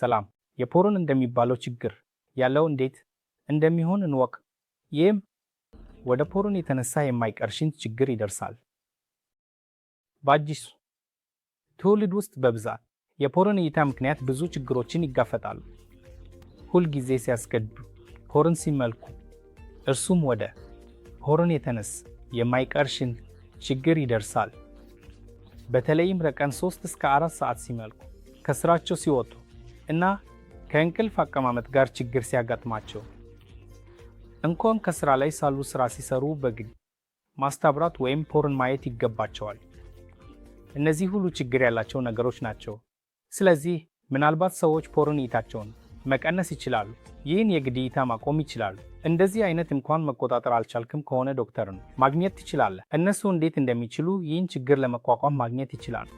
ሰላም የፖርን እንደሚባለው ችግር ያለው እንዴት እንደሚሆን እንወቅ። ይህም ወደ ፖርን የተነሳ የማይቀር ሽንት ችግር ይደርሳል። በአዲሱ ትውልድ ውስጥ በብዛት የፖርን እይታ ምክንያት ብዙ ችግሮችን ይጋፈጣሉ። ሁልጊዜ ሲያስገዱ ፖርን ሲመልኩ፣ እርሱም ወደ ፖርን የተነስ የማይቀር ሽንት ችግር ይደርሳል። በተለይም ረቀን 3 እስከ 4 ሰዓት ሲመልኩ ከስራቸው ሲወጡ እና ከእንቅልፍ አቀማመጥ ጋር ችግር ሲያጋጥማቸው እንኳን ከስራ ላይ ሳሉ ስራ ሲሰሩ በግድ ማስታብራት ወይም ፖርን ማየት ይገባቸዋል። እነዚህ ሁሉ ችግር ያላቸው ነገሮች ናቸው። ስለዚህ ምናልባት ሰዎች ፖርን እይታቸውን መቀነስ ይችላሉ። ይህን የግድ እይታ ማቆም ይችላሉ። እንደዚህ አይነት እንኳን መቆጣጠር አልቻልክም ከሆነ ዶክተርን ማግኘት ትችላለህ። እነሱ እንዴት እንደሚችሉ ይህን ችግር ለመቋቋም ማግኘት ይችላሉ።